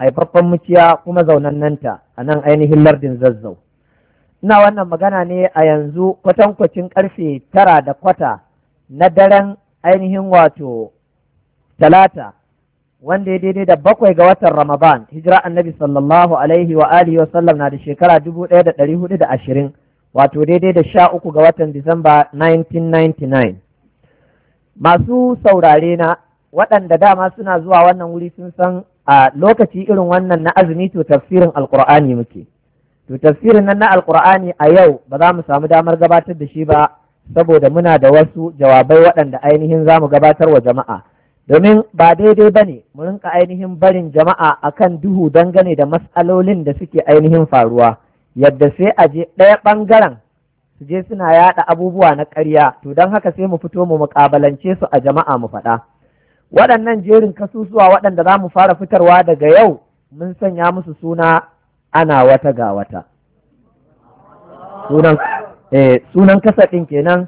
haifaffen muciya kuma zaunannanta a nan ainihin lardin zazzau ina wannan magana ne a yanzu kwatankwacin karfe tara da kwata na daren ainihin wato talata wanda ya daidai da bakwai ga watan ramadan hijira annabi sallallahu alaihi wa alihi wa sallam na da shekara dubu ɗaya da ɗari hudu da ashirin wato daidai da sha uku ga watan disamba 1999 masu saurare na waɗanda dama suna zuwa wannan wuri sun san a lokaci irin wannan na azumi to tafsirin alqur'ani muke to tafsirin nan na alqur'ani a yau ba za mu samu damar gabatar da shi ba saboda muna da wasu jawabai waɗanda ainihin za mu gabatar wa jama'a domin ba daidai ba ne mu rinka ainihin barin jama'a akan duhu dangane da matsalolin da suke ainihin faruwa yadda sai a je ɗaya ɓangaren su je suna yaɗa abubuwa na ƙarya to don haka sai mu fito mu muƙabalance su a jama'a mu faɗa waɗannan jerin kasusuwa waɗanda za mu fara fitarwa daga yau mun sanya musu suna ana wata ga wata sunan eh, sunan kasadin kenan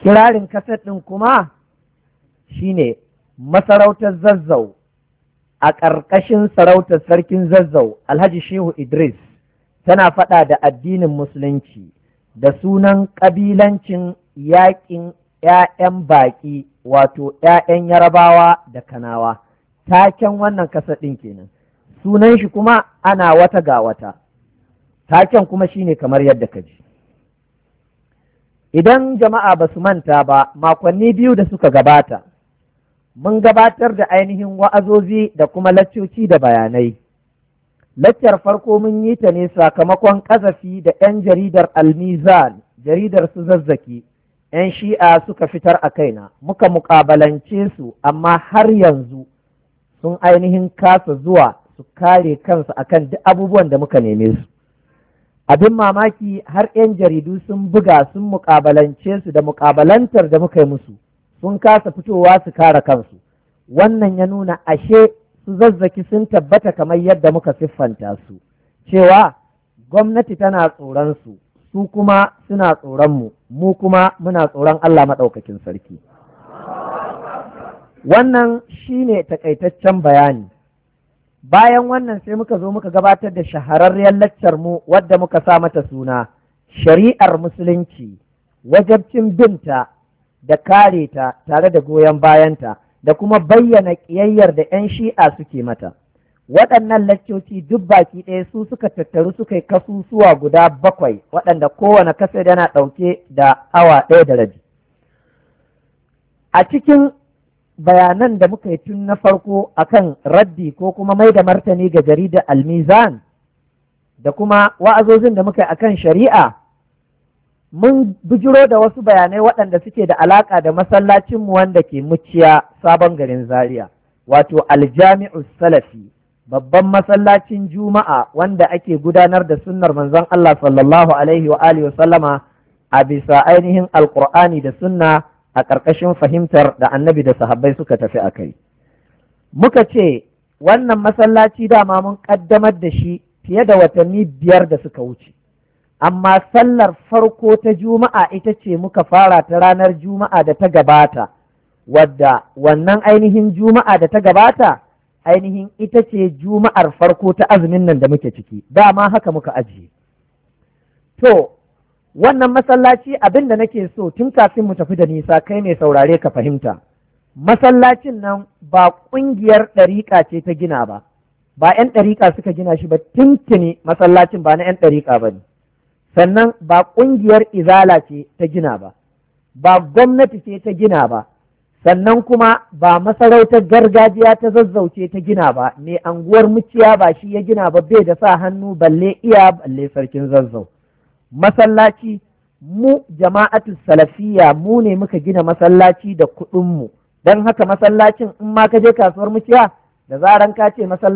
kirarin kasadin kuma shine masarautar zazzau a ƙarƙashin sarautar sarkin zazzau alhaji shehu idris tana faɗa da addinin musulunci da sunan ƙabilancin yaƙin ‘ya'yan baƙi wato ‘ya'yan yarabawa da kanawa taken wannan kasa kenan sunan shi kuma ana wata ga wata taken kuma shine kamar yadda ka ji idan jama'a ba su manta ba makonni biyu da suka gabata mun gabatar da ainihin wa'azozi da kuma laccoci da bayanai laccar farko mun yi ta ne sakamakon ƙazafi da 'yan jaridar almizan jaridar su zazzaki 'yan shi'a suka fitar a kaina muka mukabalance su amma har yanzu sun ainihin kasa zuwa su kare kansu akan duk abubuwan da muka neme su abin mamaki har 'yan jaridu sun buga sun mukabalance su da mukabalantar da muka yi musu sun kasa fitowa su kare kansu wannan ya nuna ashe su zazzaki sun tabbata kamar yadda muka siffanta su cewa gwamnati tana tsoron su su kuma suna tsoron mu mu kuma muna tsoron Allah maɗaukakin sarki wannan shine takaitaccen bayani bayan wannan sai muka zo muka gabatar da shahararriyar laccar mu wadda muka sa mata suna shari'ar musulunci wajabcin binta da kare ta tare da goyon bayanta da kuma bayyana ƙiyayyar da 'yan shi'a suke mata waɗannan lakcoci duk baki ɗaya su suka tattaru suka yi kasusuwa guda bakwai waɗanda kowane kasa yana ɗauke da awa ɗaya da rabi a cikin bayanan da muka yi tun na farko akan raddi ko kuma mai da martani ga jaridar almizan da kuma wa'azozin da muka yi akan shari'a mun bijiro da wasu bayanai waɗanda suke da alaƙa da masallacinmu wanda ke muciya sabon garin zaria wato aljami'u salafi babban masallacin juma'a wanda ake gudanar da sunnar manzon Allah sallallahu alaihi wa alihi wa sallama a bisa ainihin alqur'ani da sunna a ƙarƙashin fahimtar da annabi da sahabbai suka tafi a kai muka ce wannan masallaci dama mun ƙaddamar da shi fiye da watanni biyar da suka wuce amma sallar farko ta juma'a ita ce muka fara ta ranar juma'a da ta gabata wadda wannan ainihin juma'a da ta gabata ainihin ita ce juma'ar farko ta azumin nan da muke ciki ma haka muka ajiye to wannan masallaci abin da nake so tun kafin mu tafi da nisa kai mai saurare ka fahimta masallacin nan ba ƙungiyar ɗariƙa ce ta gina ba ba 'yan ɗariƙa suka gina shi ba tuntuni masallacin ba na 'yan ɗariƙa ba ne sannan ba ƙungiyar izala ce ta gina ba ba gwamnati ce ta gina ba sannan kuma ba masarautar gargajiya ta zazzauce ta gina ba mai anguwar muciya ba shi ya gina ba bai da sa hannu balle iya balle sarkin zazzau masallaci mu jama'atu salafiya mu ne muka gina masallaci da kuɗinmu don haka masallacin in ma ka je kasuwar muciya da zaran ka ce masallaci